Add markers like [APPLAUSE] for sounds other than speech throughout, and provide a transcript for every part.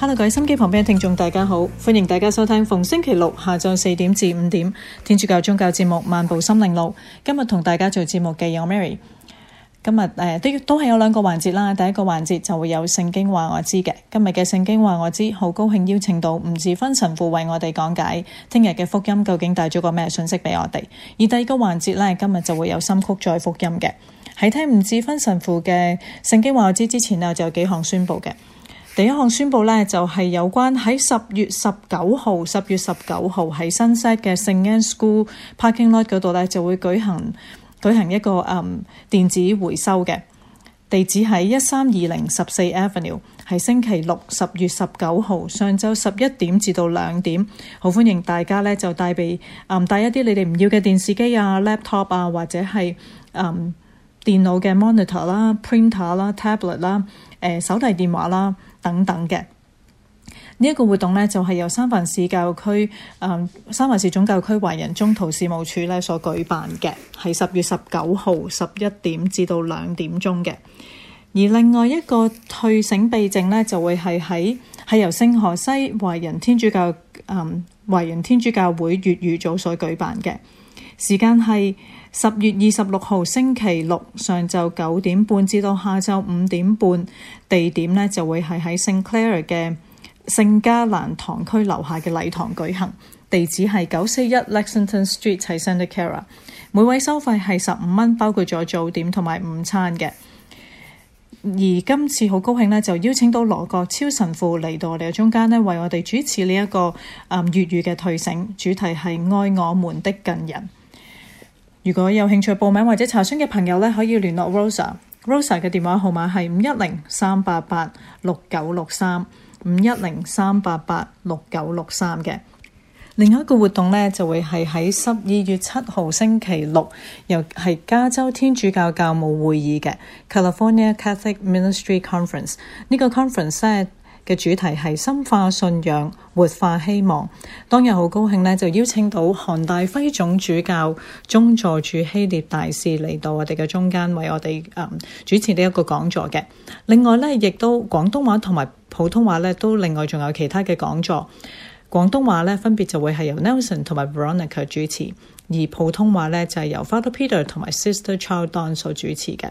Hello，各位心機旁邊嘅聽眾大家好，歡迎大家收聽逢星期六下晝四點至五點天主教宗教節目《漫步心靈路》。今日同大家做節目嘅有 Mary。今日誒、呃、都要都係有兩個環節啦。第一個環節就會有聖經話我知嘅，今日嘅聖經話我知，好高興邀請到吳志芬神父為我哋講解聽日嘅福音究竟帶咗個咩信息俾我哋。而第二個環節呢，今日就會有心曲再福音嘅。喺聽吳志芬神父嘅聖經話我知之前呢，我就有幾項宣布嘅。第一項宣佈咧，就係、是、有關喺十月十九號，十月十九號喺 Sunset 嘅 Saint Anne School Parking Lot 嗰度咧，就會舉行舉行一個嗯電子回收嘅，地址喺一三二零十四 Avenue，喺星期六十月十九號上晝十一點至到兩點，好歡迎大家咧，就帶備嗯帶一啲你哋唔要嘅電視機啊、laptop 啊，或者係嗯電腦嘅 monitor 啦、啊、printer 啦、啊、tablet 啦、啊呃、手提電話啦、啊、等等嘅。呢一個活動呢，就係、是、由三藩市教育區、嗯、三藩市總教區華人中途事務處呢所舉辦嘅，係十月十九號十一點至到兩點鐘嘅。而另外一個退省避靜呢，就會係喺係由聖荷西華人天主教誒、嗯、華人天主教會粵語組所舉辦嘅。時間係十月二十六號星期六上晝九點半至到下晝五點半，地點呢就會係喺聖 Clara 嘅聖家蘭堂區樓下嘅禮堂舉行，地址係九四一 Lexington Street，喺 Santa Clara。每位收費係十五蚊，包括咗早點同埋午餐嘅。而今次好高興呢，就邀請到羅國超神父嚟到我哋嘅中間咧，為我哋主持呢一個啊粵語嘅退省。主題係愛我們的近人。如果有興趣嘅報名或者查詢嘅朋友咧，可以聯絡 Rosa，Rosa 嘅電話號碼係五一零三八八六九六三五一零三八八六九六三嘅。3，另外一個活動咧，就會係喺十二月七號星期六，又係加州天主教教務會議嘅 California Catholic Ministry Conference con 呢。呢個 conference 咧嘅主題係深化信仰，活化希望。當日好高興呢，就邀請到韓大輝總主教、宗座主希臘大使嚟到我哋嘅中間，為我哋、嗯、主持呢一個講座嘅。另外呢，亦都廣東話同埋普通話呢，都另外仲有其他嘅講座。廣東話呢，分別就會係由 Nelson 同埋 Veronica 主持，而普通話呢，就係、是、由 Father Peter 同埋 Sister c h i l Dan 所主持嘅。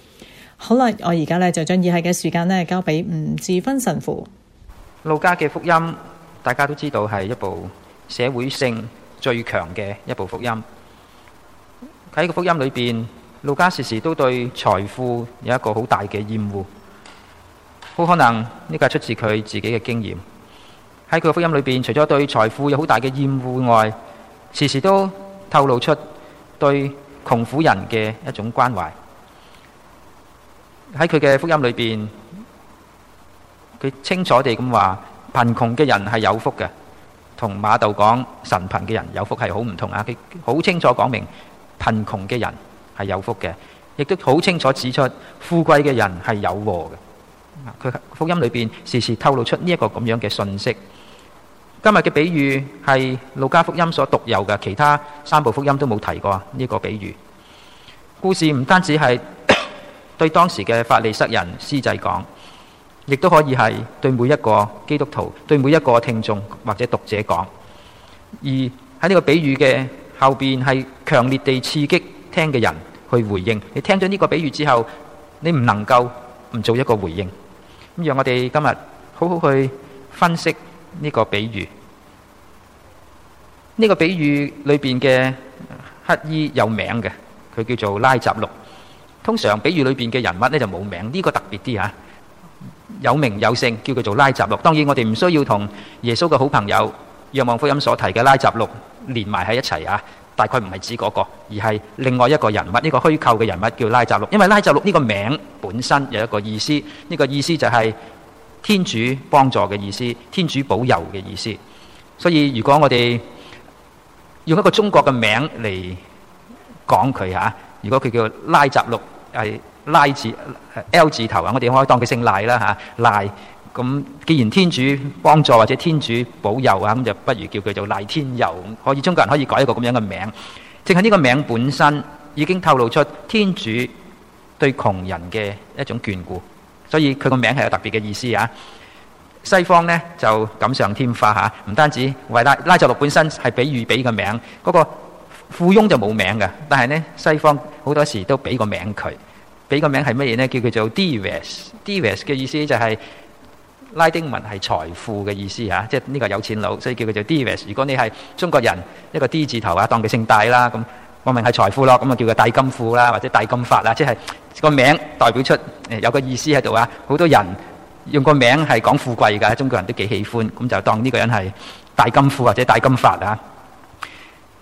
好啦，我而家咧就將以下嘅時間咧交俾吳志芬神父。路加嘅福音，大家都知道係一部社會性最強嘅一部福音。喺個福音裏邊，路加時時都對財富有一個好大嘅厭惡。好可能呢個係出自佢自己嘅經驗。喺佢嘅福音裏邊，除咗對財富有好大嘅厭惡外，時時都透露出對窮苦人嘅一種關懷。喺佢嘅福音裏邊，佢清楚地咁話貧窮嘅人係有福嘅，同馬竇講神貧嘅人有福係好唔同啊！佢好清楚講明貧窮嘅人係有福嘅，亦都好清楚指出富貴嘅人係有禍嘅。啊，佢福音裏邊時時透露出呢一個咁樣嘅信息。今日嘅比喻係路加福音所獨有嘅，其他三部福音都冇提過呢個比喻。故事唔單止係。對當時嘅法利塞人施制講，亦都可以係對每一個基督徒、對每一個聽眾或者讀者講。而喺呢個比喻嘅後邊，係強烈地刺激聽嘅人去回應。你聽咗呢個比喻之後，你唔能夠唔做一個回應。咁讓我哋今日好好去分析呢個比喻。呢、這個比喻裏邊嘅乞衣有名嘅，佢叫做拉撒路。通常比喻裏邊嘅人物咧就冇名，呢個特別啲啊。有名有姓叫佢做拉匝祿。當然我哋唔需要同耶穌嘅好朋友《若望福音》所提嘅拉匝祿連埋喺一齊啊。大概唔係指嗰個，而係另外一個人物，呢個虛構嘅人物叫拉匝祿。因為拉匝祿呢個名本身有一個意思，呢個意思就係天主幫助嘅意思，天主保佑嘅意思。所以如果我哋用一個中國嘅名嚟講佢嚇。如果佢叫拉匝祿係拉字 L 字頭啊，我哋可以當佢姓賴啦嚇、啊、賴。咁既然天主幫助或者天主保佑啊，咁就不如叫佢做賴天佑，可以中國人可以改一個咁樣嘅名。淨係呢個名本身已經透露出天主對窮人嘅一種眷顧，所以佢個名係有特別嘅意思啊。西方呢就錦上添花嚇，唔、啊、單止，為拉拉匝祿本身係比喻俾、個名嗰富翁就冇名嘅，但係呢，西方好多時都俾個名佢，俾個名係乜嘢呢？叫佢做 Dives，Dives 嘅意思就係拉丁文係財富嘅意思嚇、啊，即係呢個有錢佬，所以叫佢做 Dives。如果你係中國人，一個 D 字頭啊，當佢姓戴啦咁，我明係財富咯，咁啊叫佢戴金富啦，或者戴金發啦，即係個名代表出有個意思喺度啊！好多人用個名係講富貴㗎，中國人都幾喜歡，咁就當呢個人係戴金富或者戴金發啊。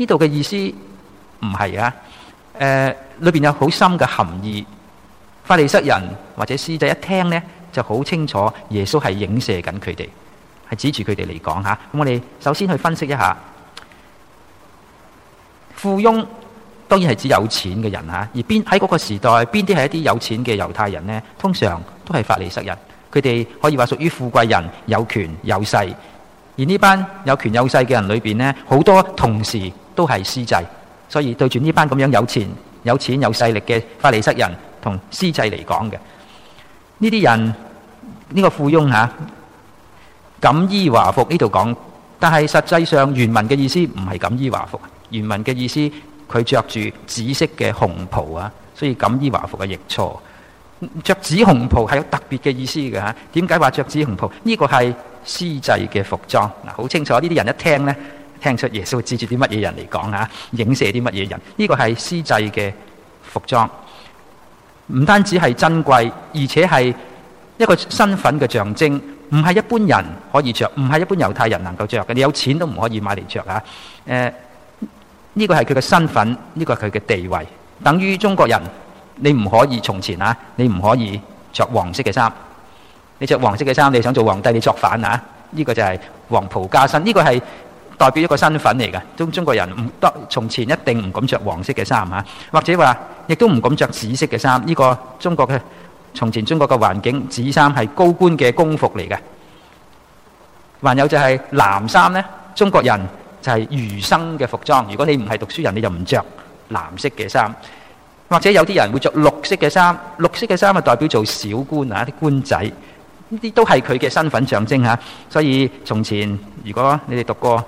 呢度嘅意思唔係啊，誒、呃，裏邊有好深嘅含意。法利塞人或者士子一聽呢，就好清楚耶穌係影射緊佢哋，係指住佢哋嚟講吓。咁我哋首先去分析一下，富翁當然係指有錢嘅人吓。而邊喺嗰個時代，邊啲係一啲有錢嘅猶太人呢？通常都係法利塞人，佢哋可以話屬於富貴人，有權有勢。而呢班有權有勢嘅人裏邊呢，好多同時。都係司祭，所以對住呢班咁樣有錢、有錢有勢力嘅法利塞人同司祭嚟講嘅，呢啲人呢、呢個富翁。嚇、啊，錦衣華服呢度講，但係實際上原文嘅意思唔係錦衣華服，原文嘅意思佢着住紫色嘅紅袍啊，所以錦衣華服嘅譯錯，着紫紅袍係有特別嘅意思嘅嚇。點解話着紫紅袍？呢、呢個係司祭嘅服裝，好清楚。呢啲人一聽呢。聽出耶穌指住啲乜嘢人嚟講啊？影射啲乜嘢人？呢個係絲製嘅服裝，唔單止係珍貴，而且係一個身份嘅象徵，唔係一般人可以着，唔係一般猶太人能夠着嘅。你有錢都唔可以買嚟着啊！呃！誒，呢個係佢嘅身份，呢個係佢嘅地位，等於中國人你唔可以從前啊！你唔可以着黃色嘅衫，你着黃色嘅衫你想做皇帝你作反啊！呢個就係黃袍加身，呢個係。代表一個身份嚟嘅。中中國人唔得從前，一定唔敢着黃色嘅衫吓，或者話亦都唔敢着紫色嘅衫。呢個中國嘅從前，中國嘅環境，紫衫係高官嘅公服嚟嘅。還有就係藍衫呢，中國人就係儒生嘅服裝。如果你唔係讀書人，你就唔着藍色嘅衫。或者有啲人會着綠色嘅衫，綠色嘅衫係代表做小官啊，啲官仔呢啲都係佢嘅身份象徵吓。所以從前如果你哋讀過。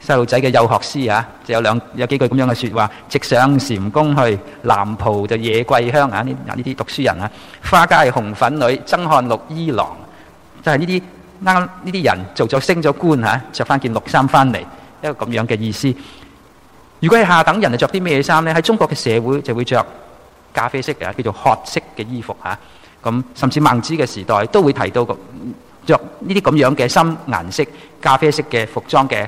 細路仔嘅幼學詩啊，就有兩有幾句咁樣嘅説話，直上禪宮去南浦就野桂香啊。呢呢啲讀書人啊，花街紅粉女，曾漢綠衣郎，就係呢啲啱啱呢啲人做咗升咗官嚇，著翻件綠衫翻嚟，一個咁樣嘅意思。如果係下等人啊，著啲咩衫呢？喺中國嘅社會就會著咖啡色嘅，叫做褐色嘅衣服嚇。咁甚至孟子嘅時代都會提到，著呢啲咁樣嘅深顏色咖啡色嘅服裝嘅。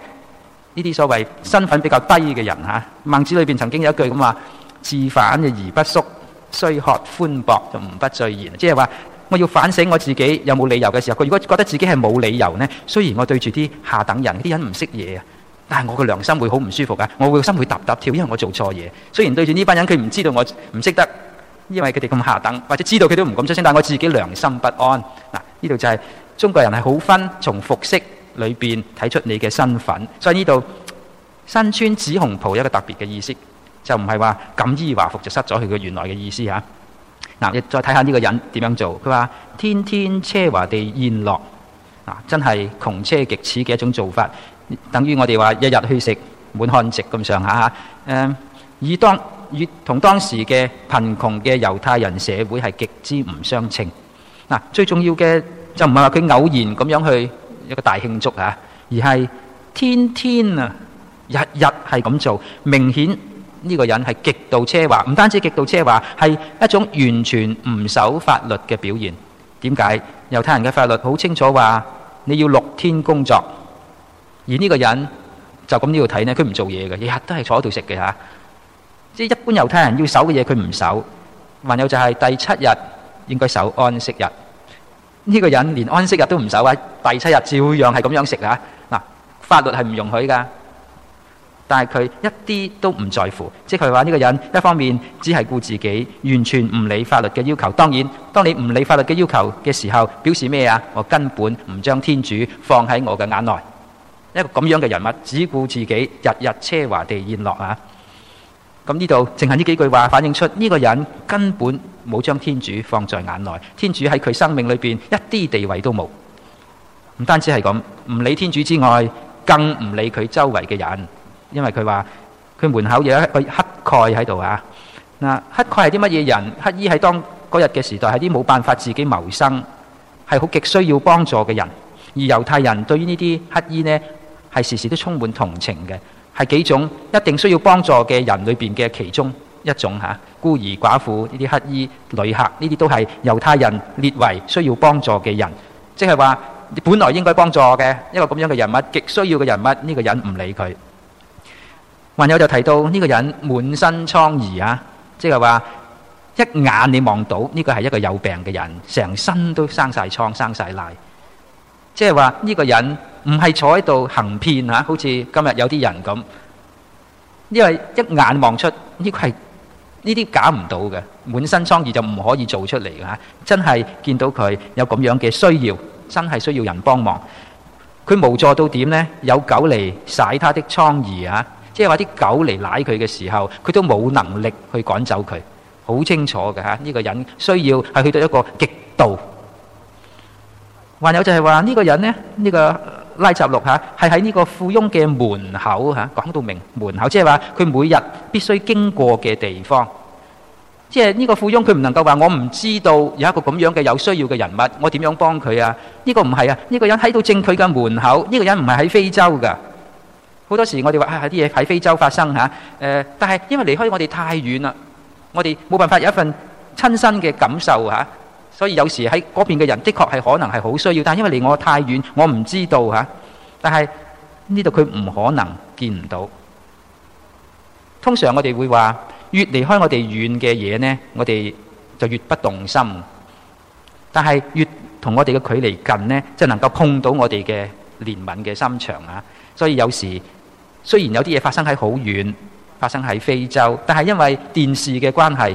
呢啲所謂身份比較低嘅人嚇，《孟子》裏邊曾經有一句咁話：自反嘅而不縮，雖褐寬博，就吾不惴焉。即係話我要反省我自己有冇理由嘅時候，佢如果覺得自己係冇理由呢？雖然我對住啲下等人，啲人唔識嘢啊，但係我個良心會好唔舒服㗎，我個心會揼揼跳，因為我做錯嘢。雖然對住呢班人佢唔知道我唔識得，因為佢哋咁下等，或者知道佢都唔敢出聲，但我自己良心不安。嗱、就是，呢度就係中國人係好分從服飾。裏邊睇出你嘅身份，所以呢度身穿紫紅袍有一個特別嘅意思，就唔係話錦衣華服就失咗佢嘅原來嘅意思嚇。嗱、啊啊，你再睇下呢個人點樣做，佢話天天奢華地宴樂，嗱、啊、真係窮奢極侈嘅一種做法，等於我哋話一日去食滿漢席咁上下嚇。誒、啊，以當以同當時嘅貧窮嘅猶太人社會係極之唔相稱。嗱、啊，最重要嘅就唔係話佢偶然咁樣去，一個大慶祝啊！而係天天啊，日日係咁做，明顯呢個人係極度奢華，唔單止極度奢華，係一種完全唔守法律嘅表現。點解？猶太人嘅法律好清楚話，你要六天工作，而呢個人就咁呢度睇咧，佢唔做嘢嘅，日日都係坐喺度食嘅吓。即係一般猶太人要守嘅嘢，佢唔守。還有就係第七日應該守安息日。呢個人連安息日都唔守啊，第七日照樣係咁樣食啊！嗱，法律係唔容許噶，但係佢一啲都唔在乎，即係話呢個人一方面只係顧自己，完全唔理法律嘅要求。當然，當你唔理法律嘅要求嘅時候，表示咩啊？我根本唔將天主放喺我嘅眼內。一個咁樣嘅人物，只顧自己，日日奢華地宴樂啊！咁呢度淨係呢幾句話反映出呢個人根本。冇將天主放在眼內，天主喺佢生命裏邊一啲地位都冇。唔單止係咁，唔理天主之外，更唔理佢周圍嘅人，因為佢話佢門口有一個乞丐喺度啊。嗱，乞丐係啲乜嘢人？乞丐喺當嗰日嘅時代係啲冇辦法自己謀生，係好極需要幫助嘅人。而猶太人對於呢啲乞丐呢，係時時都充滿同情嘅，係幾種一定需要幫助嘅人裏邊嘅其中。一種嚇，孤兒寡婦、呢啲乞衣、旅客，呢啲都係猶太人列為需要幫助嘅人，即係話本來應該幫助嘅一個咁樣嘅人物，極需要嘅人物，呢個人唔理佢。還有就提到呢個人滿身瘡痍啊，即係話一眼你望到呢個係一個有病嘅人，成身都生晒瘡生晒瘌，即係話呢個人唔係坐喺度行騙啊，好似今日有啲人咁，因為一眼望出呢個係。呢啲假唔到嘅，滿身瘡痍就唔可以做出嚟㗎。真係見到佢有咁樣嘅需要，真係需要人幫忙。佢無助到點呢？有狗嚟舐他的瘡痍啊！即係話啲狗嚟舐佢嘅時候，佢都冇能力去趕走佢，好清楚㗎。呢個人需要係去到一個極度。還有就係話呢個人呢，呢個。拉撒路吓，係喺呢個富翁嘅門口吓，講到明門口，即係話佢每日必須經過嘅地方。即係呢個富翁，佢唔能夠話我唔知道有一個咁樣嘅有需要嘅人物，我點樣幫佢啊？呢個唔係啊，呢個人喺到正佢嘅門口，呢個人唔係喺非洲噶。好多時我哋話啊，有啲嘢喺非洲發生吓，誒，但係因為離開我哋太遠啦，我哋冇辦法有一份親身嘅感受吓。所以有時喺嗰邊嘅人，的確係可能係好需要，但係因為離我太遠，我唔知道吓，啊，但係呢度佢唔可能見唔到。通常我哋會話越離開我哋遠嘅嘢呢，我哋就越不動心；但係越同我哋嘅距離近呢，就能夠碰到我哋嘅憐憫嘅心腸啊。所以有時雖然有啲嘢發生喺好遠，發生喺非洲，但係因為電視嘅關係。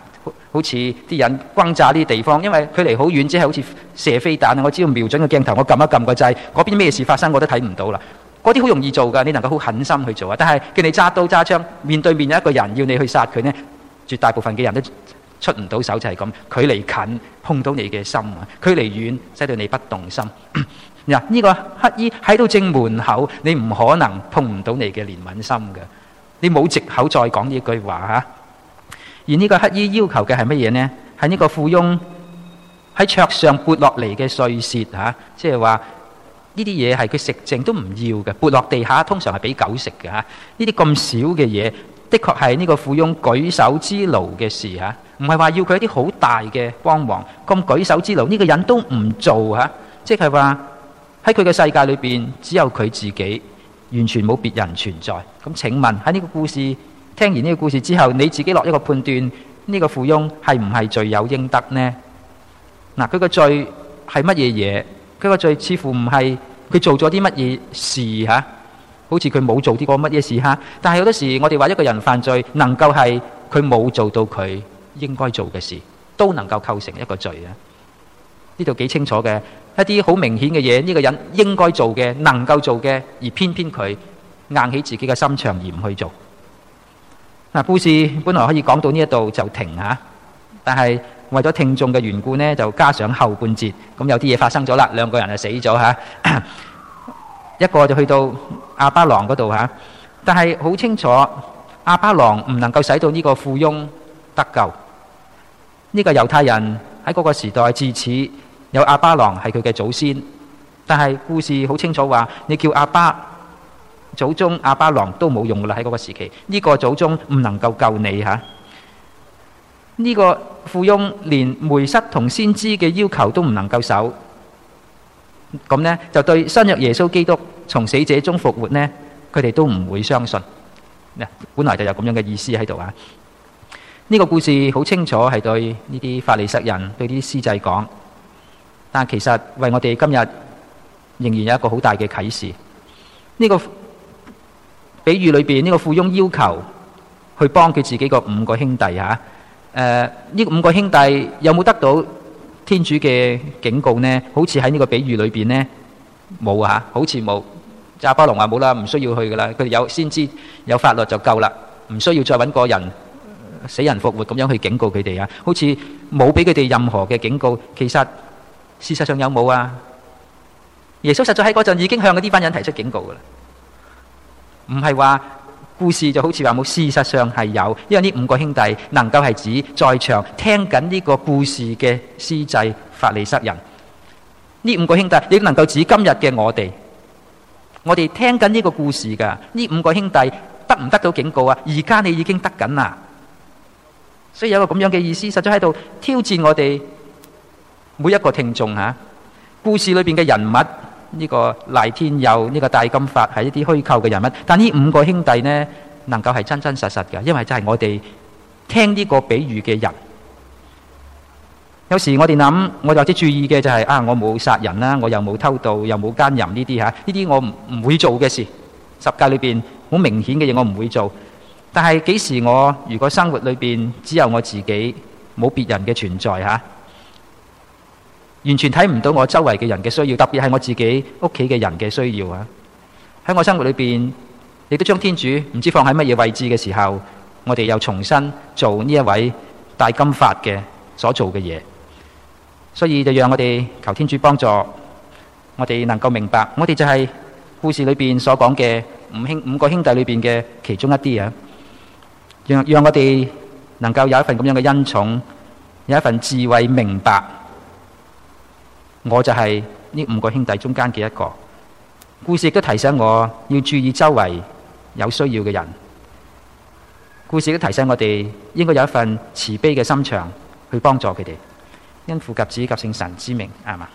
好似啲人轟炸啲地方，因為距離好遠，即係好似射飛彈啊！我只要瞄準個鏡頭，我撳一撳個掣，嗰邊咩事發生我都睇唔到啦。嗰啲好容易做噶，你能夠好狠心去做啊！但係叫你揸刀揸槍，面對面有一個人要你去殺佢呢，絕大部分嘅人都出唔到手就係咁。距離近碰到你嘅心，距離遠使到你不動心。嗱，呢、 [COUGHS] 這個乞衣喺到正門口，你唔可能碰唔到你嘅憐憫心嘅。你冇藉口再講呢句話而呢個乞兒要求嘅係乜嘢呢？係呢個富翁喺桌上撥落嚟嘅碎屑嚇，即係話呢啲嘢係佢食剩都唔要嘅，撥落地下通常係俾狗食嘅嚇。呢啲咁少嘅嘢，的確係呢個富翁舉手之勞嘅事嚇，唔係話要佢一啲好大嘅幫忙。咁舉手之勞呢、這個人都唔做嚇，即係話喺佢嘅世界裏邊，只有佢自己，完全冇別人存在。咁、啊、請問喺呢個故事？聽完呢個故事之後，你自己落一個判斷，呢、這個富翁係唔係罪有應得呢？嗱，佢個罪係乜嘢嘢？佢個罪似乎唔係佢做咗啲乜嘢事吓，好似佢冇做啲過乜嘢事吓。但係有多時候我哋話一個人犯罪，能夠係佢冇做到佢應該做嘅事，都能夠構成一個罪啊。呢度幾清楚嘅一啲好明顯嘅嘢，呢、這個人應該做嘅，能夠做嘅，而偏偏佢硬起自己嘅心腸而唔去做。嗱，故事本來可以講到呢一度就停下，但係為咗聽眾嘅緣故呢，就加上後半節。咁有啲嘢發生咗啦，兩個人就死咗嚇，一個就去到阿巴郎嗰度嚇。但係好清楚，阿巴郎唔能夠使到呢個富翁得救。呢、呢個猶太人喺嗰個時代自此有阿巴郎係佢嘅祖先，但係故事好清楚話，你叫阿巴。祖宗阿巴郎都冇用噶啦，喺嗰個時期，呢個祖宗唔能夠救你吓。呢個富翁連梅瑟同先知嘅要求都唔能夠守，咁呢，就對新約耶穌基督從死者中復活呢，佢哋都唔會相信。嗱，本來就有咁樣嘅意思喺度啊。呢個故事好清楚係對呢啲法利塞人對啲司祭講，但其實為我哋今日仍然有一個好大嘅啟示。呢個。比喻裏邊呢、呢個富翁要求去幫佢自己個五個兄弟吓，誒、啊、呢、呃、五個兄弟有冇得到天主嘅警告呢？好似喺呢個比喻裏邊呢冇啊，好似冇。亞巴龍話冇啦，唔需要去噶啦，佢哋有先知有法律就夠啦，唔需要再揾個人死人復活咁樣去警告佢哋啊。好似冇俾佢哋任何嘅警告，其實事實上有冇啊？耶穌實在喺嗰陣已經向嗰啲班人提出警告噶啦。唔係話故事就好似話冇，事實上係有，因為呢五個兄弟能夠係指在場聽緊呢個故事嘅司祭法利塞人，呢五個兄弟亦能夠指今日嘅我哋，我哋聽緊呢個故事噶，呢五個兄弟得唔得到警告啊？而家你已經得緊啦，所以有一個咁樣嘅意思，實在喺度挑戰我哋每一個聽眾吓、啊，故事裏邊嘅人物。呢個賴天佑、呢、這個大金發係一啲虛構嘅人物，但呢五個兄弟呢能夠係真真實實嘅，因為就係我哋聽呢個比喻嘅人。有時我哋諗，我就有啲注意嘅就係、是、啊，我冇殺人啦，我又冇偷盜，又冇奸淫呢啲嚇，呢啲我唔會做嘅事。十戒裏邊好明顯嘅嘢我唔會做，但係幾時我如果生活裏邊只有我自己，冇別人嘅存在嚇？啊完全睇唔到我周圍嘅人嘅需要，特別係我自己屋企嘅人嘅需要啊！喺我生活裏邊，亦都將天主唔知放喺乜嘢位置嘅時候，我哋又重新做呢一位大金發嘅所做嘅嘢，所以就讓我哋求天主幫助，我哋能夠明白，我哋就係故事裏邊所講嘅五兄五個兄弟裏邊嘅其中一啲啊！讓讓我哋能夠有一份咁樣嘅恩寵，有一份智慧明白。我就係呢五個兄弟中間嘅一個故事，亦都提醒我要注意周圍有需要嘅人。故事都提醒我哋應該有一份慈悲嘅心腸去幫助佢哋，因父及子及聖神之名，係嘛？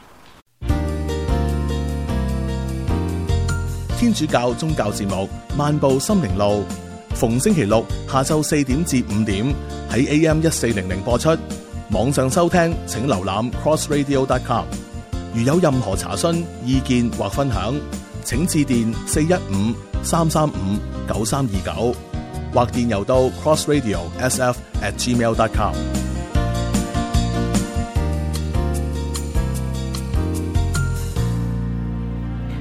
天主教宗教節目《漫步心靈路》，逢星期六下晝四點至五點喺 AM 一四零零播出，網上收聽，請瀏覽 crossradio.com。如有任何查詢、意見或分享，請致電四一五三三五九三二九，29，或電郵到 crossradio_sf@gmail.com at。Com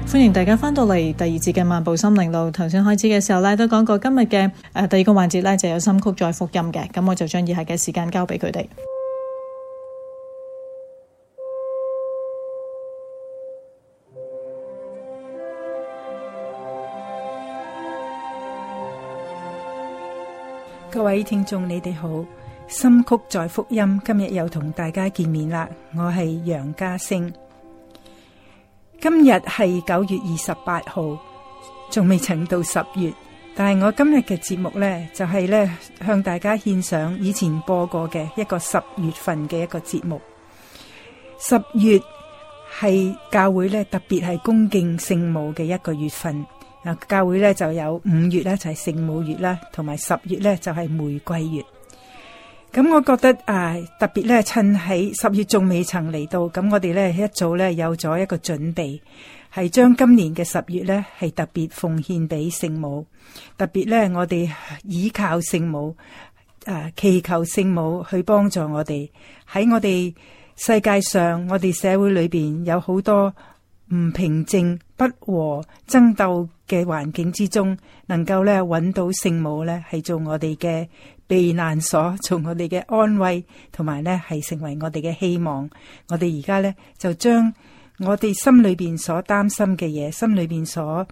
歡迎大家翻到嚟第二節嘅《漫步心靈路》。頭先開始嘅時候咧，都講過今日嘅誒第二個環節咧，就是、有心曲再複音嘅，咁我就將以下嘅時間交俾佢哋。各位聽眾，你哋好，心曲在福音，今日又同大家見面啦，我係楊家星。今日係九月二十八號，仲未請到十月，但係我今日嘅節目呢，就係、是、呢向大家獻上以前播過嘅一個十月份嘅一個節目。十月係教會呢特別係恭敬聖母嘅一個月份。教會咧就有五月咧就係聖母月啦，同埋十月咧就係玫瑰月。咁我覺得啊，特別咧趁喺十月仲未曾嚟到，咁我哋咧一早咧有咗一個準備，係將今年嘅十月咧係特別奉獻俾聖母，特別咧我哋依靠聖母，誒、啊、祈求聖母去幫助我哋。喺我哋世界上，我哋社會裏邊有好多唔平靜、不和、爭鬥。嘅環境之中，能夠咧揾到聖母，呢係做我哋嘅避難所，做我哋嘅安慰，同埋呢係成為我哋嘅希望。我哋而家呢，就將我哋心裏邊所擔心嘅嘢，心裏邊所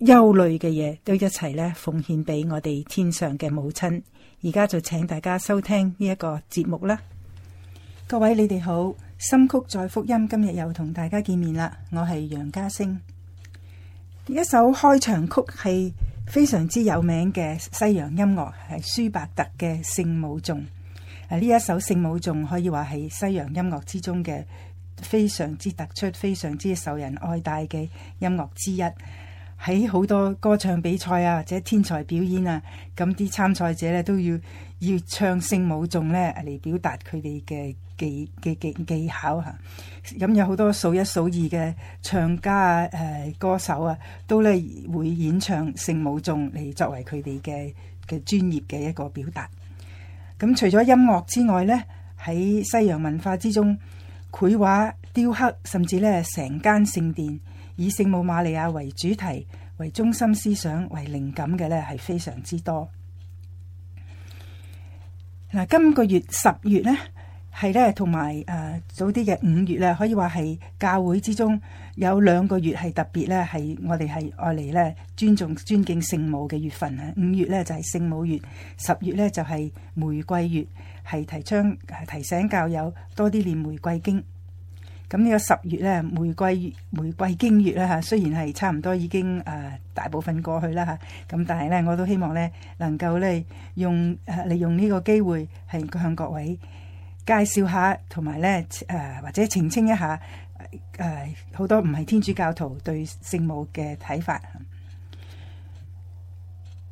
憂慮嘅嘢，都一齊呢奉獻俾我哋天上嘅母親。而家就請大家收聽呢一個節目啦。各位你哋好，心曲再福音，今日又同大家見面啦。我係楊家聲。一首開場曲係非常之有名嘅西洋音樂，係舒伯特嘅《聖母頌》。啊，呢一首《聖母頌》可以話係西洋音樂之中嘅非常之突出、非常之受人愛戴嘅音樂之一。喺好多歌唱比賽啊，或者天才表演啊，咁啲參賽者咧都要要唱《聖母頌》咧嚟表達佢哋嘅。技嘅技技巧嚇，咁有好多數一數二嘅唱家誒、呃、歌手啊，都咧會演唱聖母頌嚟作為佢哋嘅嘅專業嘅一個表達。咁除咗音樂之外呢，喺西洋文化之中，繪畫、雕刻，甚至咧成間聖殿以聖母瑪利亞為主題、為中心思想、為靈感嘅呢係非常之多。嗱、啊，今個月十月呢。係咧，同埋誒早啲嘅五月咧，可以話係教會之中有兩個月係特別咧，係我哋係愛嚟咧尊重尊敬聖母嘅月份啊。五月咧就係聖母月，十月咧就係玫瑰月，係提倡提醒教友多啲念玫瑰經。咁呢個十月咧，玫瑰月玫瑰經月咧嚇，雖然係差唔多已經誒大部分過去啦嚇，咁但係咧我都希望咧能夠咧用誒利用呢個機會係向各位，介紹下，同埋咧誒，或者澄清一下誒，好多唔係天主教徒對聖母嘅睇法。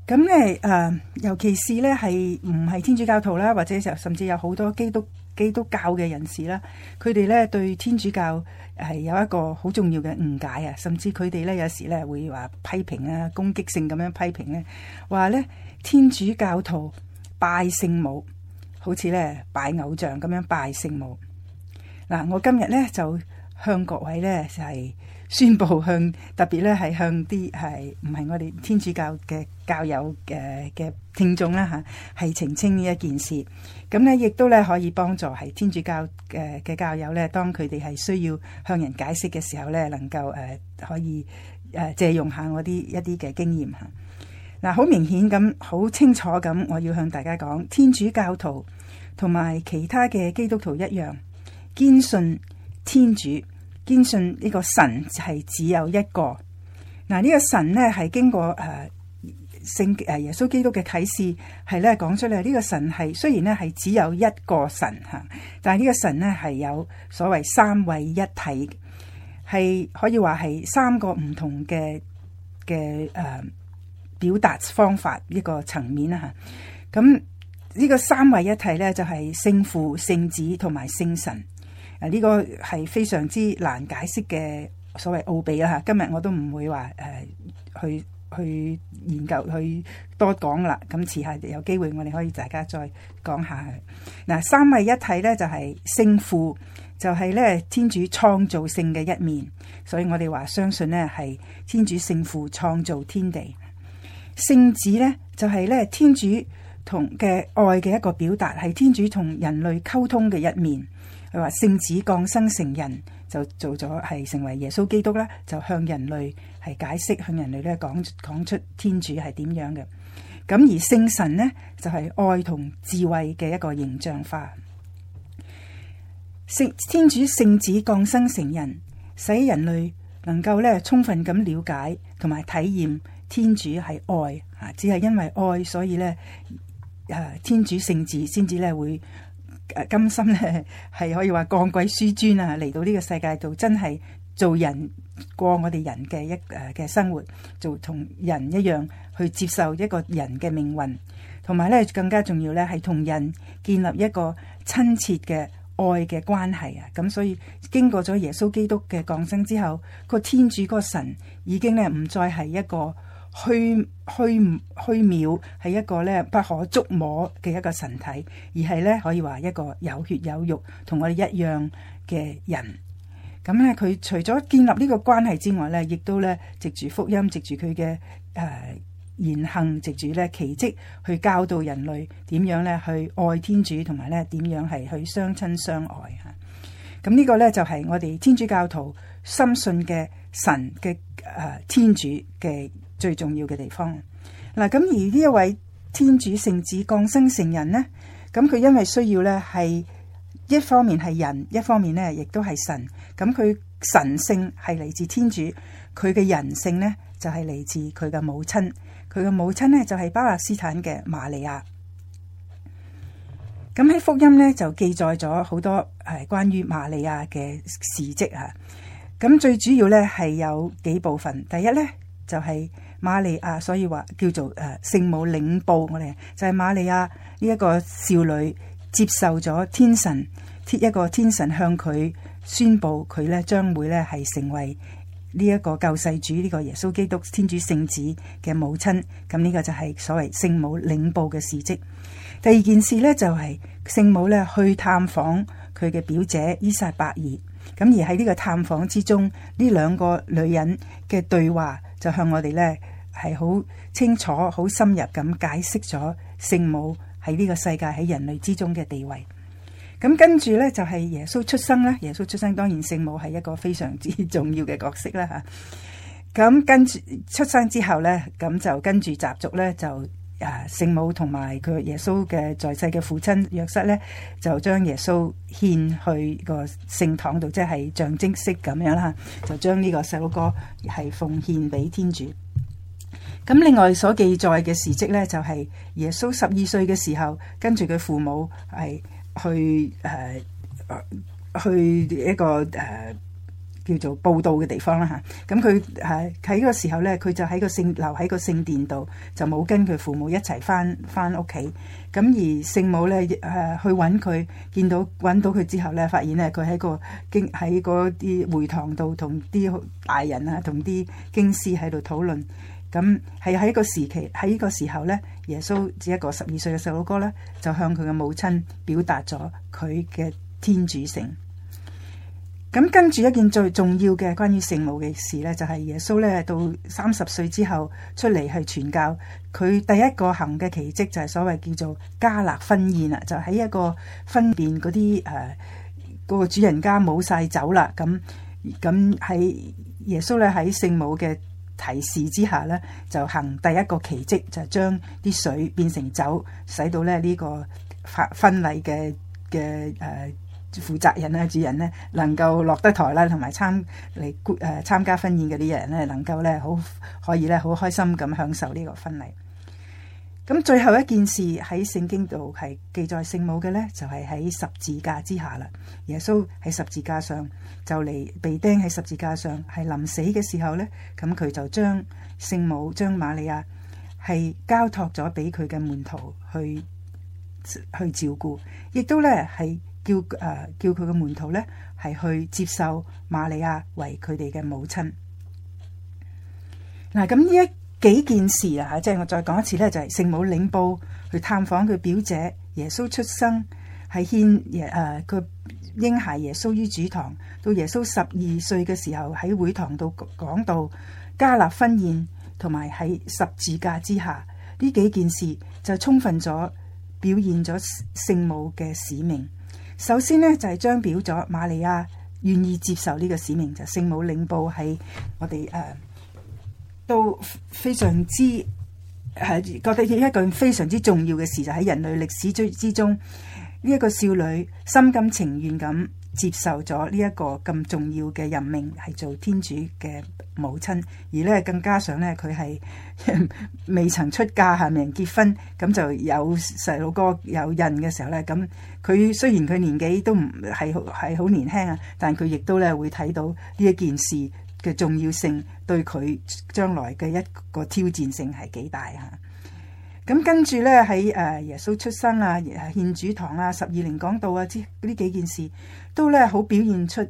咁咧誒，尤其是咧係唔係天主教徒啦，或者甚至有好多基督基督教嘅人士啦，佢哋咧對天主教係有一個好重要嘅誤解啊，甚至佢哋咧有時咧會話批評啊，攻擊性咁樣批評咧，話咧天主教徒拜聖母。好似咧拜偶像咁樣拜聖母。嗱、啊，我今日咧就向各位咧就係、是、宣布向特別咧係向啲係唔係我哋天主教嘅教友嘅嘅聽眾啦吓，係澄清呢一件事。咁咧亦都咧可以幫助係天主教嘅嘅教友咧，當佢哋係需要向人解釋嘅時候咧，能夠、啊、可以、啊、借用下我啲一啲嘅經驗、啊嗱，好、啊、明顯咁，好清楚咁，我要向大家講，天主教徒同埋其他嘅基督徒一樣，堅信天主，堅信呢個神係只有一個。嗱、啊，呢、呢個神呢係經過誒、啊、聖誒、啊、耶穌基督嘅啟示，係咧講出嚟。呢、呢個神係雖然咧係只有一個神嚇、啊，但係呢個神呢係有所謂三位一體，係可以話係三個唔同嘅嘅誒。表達方法一個層面啦吓，咁呢個三位一體咧就係聖父、聖子同埋聖神。啊，呢個係非常之難解釋嘅所謂奧秘啦吓。今日我都唔會話誒去去研究去多講啦。咁遲下有機會我哋可以大家再講下。嗱，三位一體咧就係聖父，就係咧天主創造性嘅一面，所以我哋話相信咧係天主聖父創造天地。聖子呢，就係咧天主同嘅愛嘅一個表達，係天主同人類溝通嘅一面。佢話聖子降生成人就做咗係成為耶穌基督啦，就向人類係解釋，向人類咧講講出天主係點樣嘅。咁而聖神呢，就係愛同智慧嘅一個形象化。聖天主聖子降生成人，使人類能夠咧充分咁了解同埋體驗。天主係愛，嚇，只係因為愛，所以咧，誒、啊，天主聖子先至咧會誒、啊、甘心咧，係可以話降貴紆尊啊，嚟到呢個世界度，真係做人過我哋人嘅一誒嘅、啊、生活，做同人一樣去接受一個人嘅命運，同埋咧更加重要咧係同人建立一個親切嘅愛嘅關係啊！咁所以經過咗耶穌基督嘅降生之後，個天主、個神已經咧唔再係一個，虛虛虛渺係一個咧不可觸摸嘅一個神體，而係咧可以話一個有血有肉同我哋一樣嘅人。咁咧佢除咗建立呢個關係之外咧，亦都咧藉住福音，藉住佢嘅誒言行，藉住咧奇蹟去教導人類點樣咧去愛天主，同埋咧點樣係去相親相愛吓。咁呢個咧就係我哋天主教徒深信嘅神嘅誒天主嘅最重要嘅地方嗱，咁而呢一位天主聖子降生成人呢，咁佢因為需要呢，係一方面係人，一方面呢亦都係神。咁佢神性係嚟自天主，佢嘅人性呢，就係、是、嚟自佢嘅母親，佢嘅母親呢，就係、是、巴勒斯坦嘅瑪利亞。咁喺福音呢，就記載咗好多誒關於瑪利亞嘅事蹟啊。咁最主要呢，係有幾部分，第一呢。就係瑪利亞，所以話叫做誒聖母領報。我哋就係、是、瑪利亞呢一個少女接受咗天神，一個天神向佢宣佈佢咧將會咧係成為呢一個救世主呢、這個耶穌基督天主聖子嘅母親。咁、這、呢個就係所謂聖母領報嘅事蹟。第二件事呢，就係聖母咧去探訪佢嘅表姐伊撒伯爾。咁而喺呢個探訪之中，呢兩個女人嘅對話。就向我哋咧係好清楚、好深入咁解釋咗聖母喺呢個世界喺人類之中嘅地位。咁跟住咧就係、是、耶穌出生啦。耶穌出生當然聖母係一個非常之重要嘅角色啦吓。咁跟住出生之後咧，咁就跟住習俗咧就。啊，聖母同埋佢耶穌嘅在世嘅父親約瑟咧，就將耶穌獻去個聖堂度，即係象徵式咁樣啦，就將呢個細路哥係奉獻俾天主。咁另外所記載嘅事跡咧，就係、是、耶穌十二歲嘅時候，跟住佢父母係去誒、啊啊、去一個誒。啊叫做報道嘅地方啦嚇，咁佢喺喺嗰時候咧，佢就喺個聖留喺個聖殿度，就冇跟佢父母一齊返返屋企。咁而聖母咧誒，去揾佢，見到揾到佢之後咧，發現咧佢喺個經喺啲會堂度，同啲大人啊，同啲經師喺度討論。咁係喺個時期，喺個時候咧，耶穌只一個十二歲嘅細路哥咧，就向佢嘅母親表達咗佢嘅天主性。咁跟住一件最重要嘅關於聖母嘅事咧，就係、是、耶穌咧到三十歲之後出嚟去傳教，佢第一個行嘅奇蹟就係所謂叫做加勒婚宴啦，就喺一個婚宴嗰啲誒嗰個主人家冇晒酒啦，咁咁喺耶穌咧喺聖母嘅提示之下咧，就行第一個奇蹟，就將啲水變成酒，使到咧呢、這個婚婚禮嘅嘅誒負責人咧、啊，主人咧，能夠落得台啦，同埋參嚟觀誒參加婚宴嗰啲人咧，能夠咧好可以咧好開心咁享受呢個婚禮。咁最後一件事喺聖經度係記載聖母嘅咧，就係、是、喺十字架之下啦。耶穌喺十字架上就嚟被釘喺十字架上，係臨死嘅時候咧，咁佢就將聖母將瑪利亞係交託咗俾佢嘅門徒去去照顧，亦都咧係。叫誒、啊，叫佢嘅門徒咧，係去接受瑪利亞為佢哋嘅母親嗱。咁、啊、呢一幾件事啊，即、就、係、是、我再講一次咧，就係、是、聖母領報，去探訪佢表姐，耶穌出生，係獻耶、誒個嬰孩耶穌於主堂，到耶穌十二歲嘅時候喺會堂度講道，加納婚宴，同埋喺十字架之下呢幾件事，就充分咗表現咗聖母嘅使命。首先呢，就係、是、張表咗瑪利亞願意接受呢個使命，就聖、是、母領報喺我哋誒、啊、都非常之係、啊、覺得呢一個非常之重要嘅事，就喺、是、人類歷史之之中，呢一、這個少女心甘情願咁。接受咗呢一個咁重要嘅任命，係做天主嘅母親，而咧更加上咧佢係未曾出嫁，係咪人結婚？咁就有細路哥有孕嘅時候咧，咁佢雖然佢年紀都唔係係好年輕啊，但佢亦都咧會睇到呢一件事嘅重要性，對佢將來嘅一個挑戰性係幾大啊！咁跟住咧喺誒耶穌出生啊，獻主堂啊，十二年講道啊，呢幾件事都咧好表現出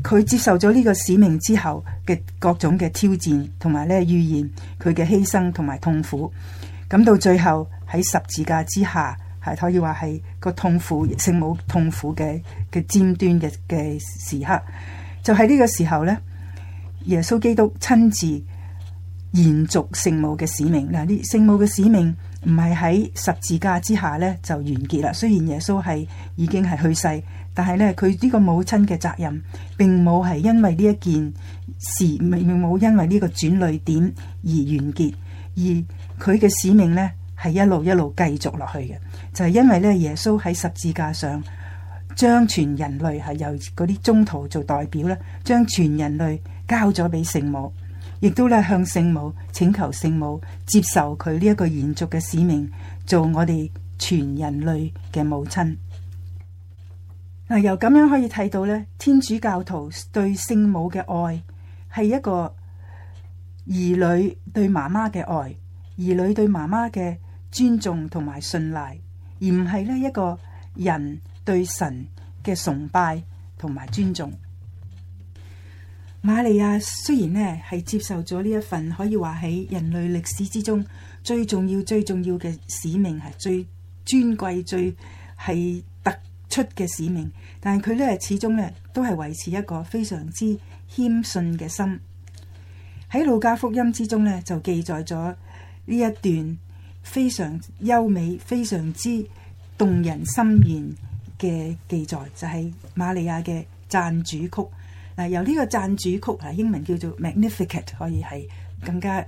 佢接受咗呢個使命之後嘅各種嘅挑戰，同埋咧預言佢嘅犧牲同埋痛苦。咁到最後喺十字架之下，係可以話係個痛苦，聖母痛苦嘅嘅尖端嘅嘅時刻，就喺呢個時候咧，耶穌基督親自。延續聖母嘅使命嗱，呢聖母嘅使命唔係喺十字架之下咧就完結啦。雖然耶穌係已經係去世，但係呢，佢呢個母親嘅責任，並冇係因為呢一件事，並冇因為呢個轉捩點而完結，而佢嘅使命呢，係一路一路繼續落去嘅。就係、是、因為咧耶穌喺十字架上將全人類係由嗰啲中途做代表啦，將全人類交咗俾聖母。亦都咧向聖母請求聖母接受佢呢一個延續嘅使命，做我哋全人類嘅母親。嗱，由咁樣可以睇到咧，天主教徒對聖母嘅愛係一個兒女對媽媽嘅愛，兒女對媽媽嘅尊重同埋信賴，而唔係呢一個人對神嘅崇拜同埋尊重。瑪利亞雖然咧係接受咗呢一份可以話喺人類歷史之中最重要、最重要嘅使命，係最尊貴、最係突出嘅使命，但係佢咧始終咧都係維持一個非常之謙遜嘅心。喺路加福音之中咧就記載咗呢一段非常優美、非常之動人心弦嘅記載，就係、是、瑪利亞嘅讚主曲。嗱，由呢個讚主曲啊，英文叫做 Magnificat，可以係更加誒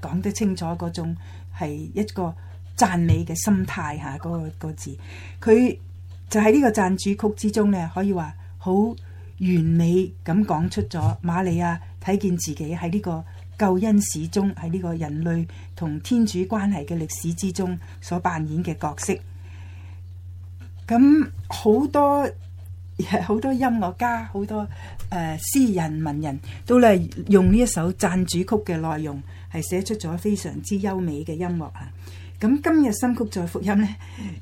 講得清楚嗰種係一個讚美嘅心態嚇，嗰、嗰個那個字，佢就喺呢個讚主曲之中咧，可以話好完美咁講出咗瑪利亞睇見自己喺呢個救恩史中喺呢個人類同天主關係嘅歷史之中所扮演嘅角色，咁好多。好多音樂家、好多誒詩人、文人都咧用呢一首讚主曲嘅內容，係寫出咗非常之優美嘅音樂啊！咁今日新曲再復音咧，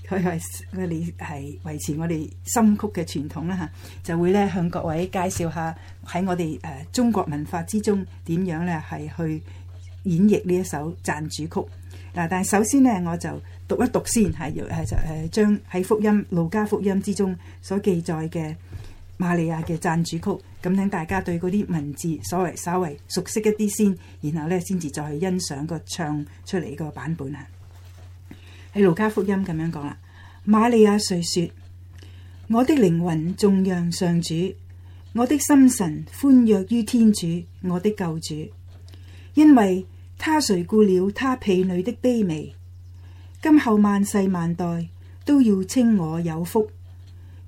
佢係我哋係維持我哋新曲嘅傳統啦嚇，就會咧向各位介紹下喺我哋誒中國文化之中點樣咧係去演繹呢一首讚主曲嗱。但係首先咧我就。讀一讀先，係要係就係將喺福音路加福音之中所記載嘅瑪利亞嘅讚主曲，咁等大家對嗰啲文字所謂稍為熟悉一啲先，然後咧先至再欣賞個唱出嚟個版本啊！喺路加福音咁樣講啦，瑪利亞遂說：我的靈魂頌揚上主，我的心神歡躍於天主，我的救主，因為他垂顧了他婢女的卑微。今後萬世萬代都要稱我有福，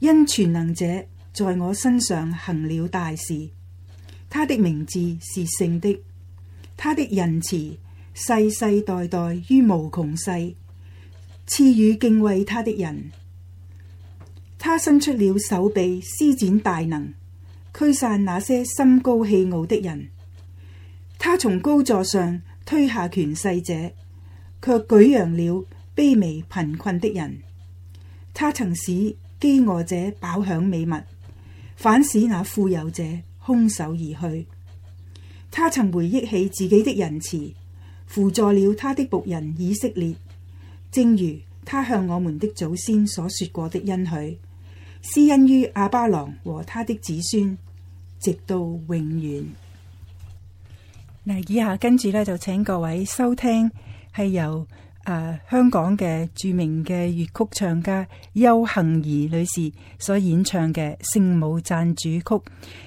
因全能者在我身上行了大事。他的名字是聖的，他的仁慈世世代代於無窮世賜予敬畏他的人。他伸出了手臂施展大能，驅散那些心高氣傲的人。他從高座上推下權勢者，卻舉揚了。卑微貧困的人，他曾使飢餓者飽享美物，反使那富有者空手而去。他曾回憶起自己的仁慈，扶助了他的僕人以色列，正如他向我們的祖先所說過的恩許，施恩於亞巴郎和他的子孫，直到永遠。嗱，以下跟住呢，就請各位收聽，係由。誒、啊、香港嘅著名嘅粵曲唱家邱杏兒女士所演唱嘅《聖母讚》主曲，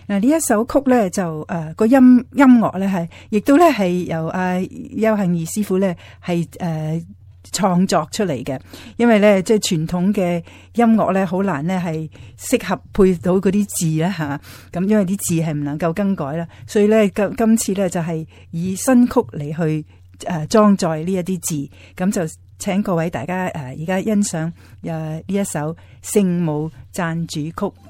嗱、啊、呢一首曲咧就誒、啊那個、音音樂咧係，亦都咧係由阿、啊、邱杏兒師傅咧係誒創作出嚟嘅，因為咧即係傳統嘅音樂咧好難咧，係、就、適、是、合配到嗰啲字啦吓，咁、啊、因為啲字係唔能夠更改啦，所以咧今今次咧就係、是、以新曲嚟去。誒裝載呢一啲字，咁就請各位大家誒而家欣賞誒呢、啊、一首聖母讚主曲。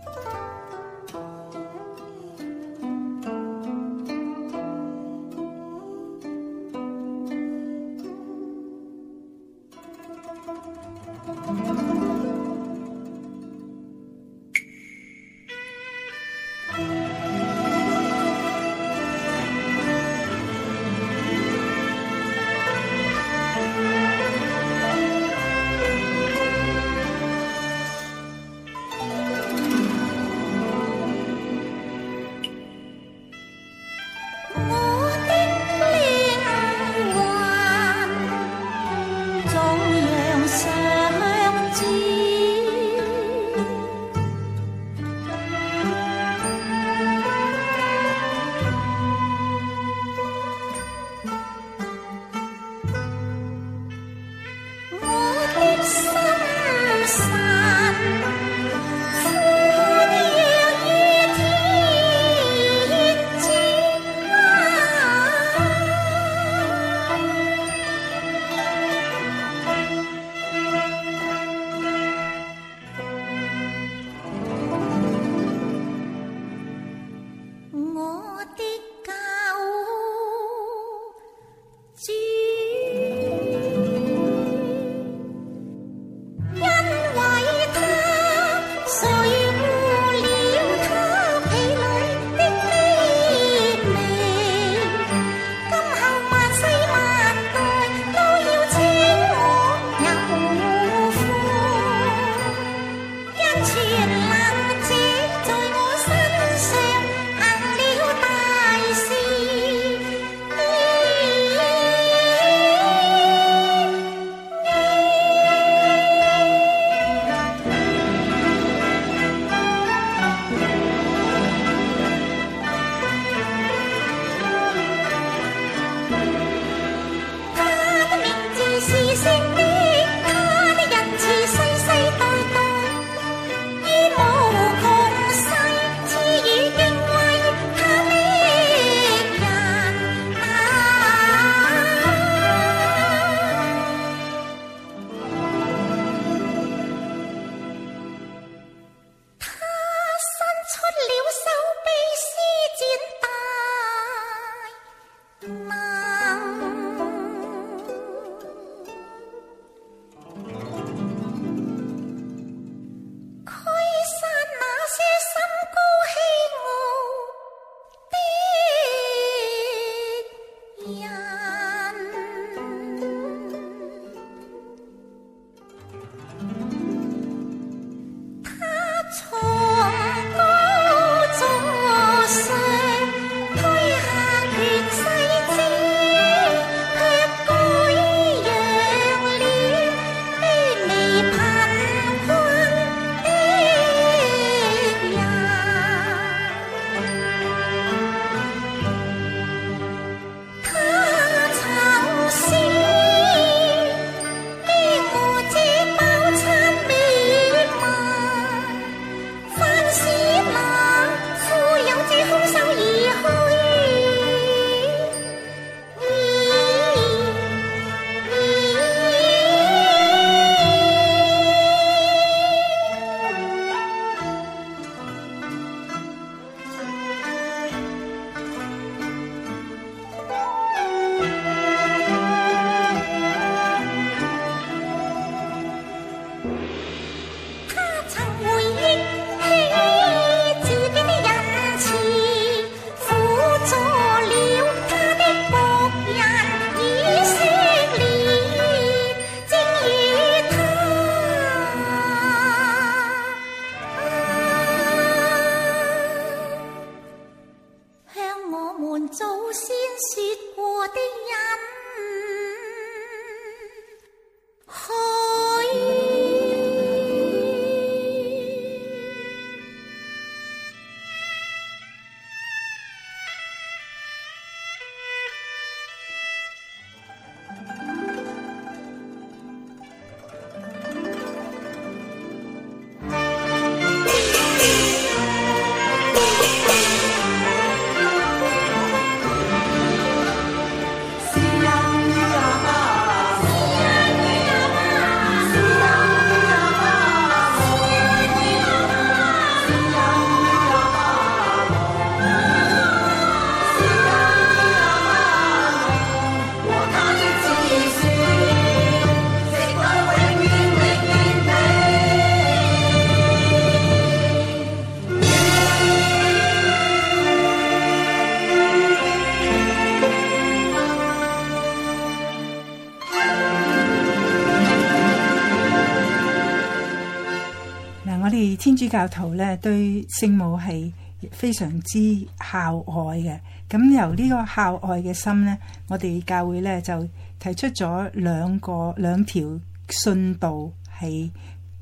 教徒咧對聖母係非常之孝愛嘅，咁由呢個孝愛嘅心呢，我哋教會呢就提出咗兩個兩條信道，係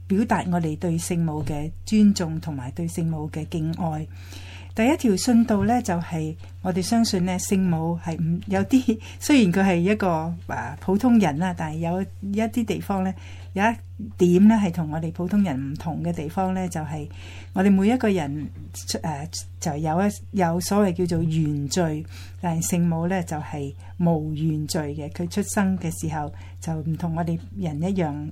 表達我哋對聖母嘅尊重同埋對聖母嘅敬愛。第一條信道呢，就係我哋相信咧聖母係唔有啲，雖然佢係一個啊普通人啦，但係有一啲地方呢。有一點咧係同我哋普通人唔同嘅地方咧，就係我哋每一個人誒就有一有所謂叫做原罪，但係聖母咧就係無原罪嘅。佢出生嘅時候就唔同我哋人一樣誒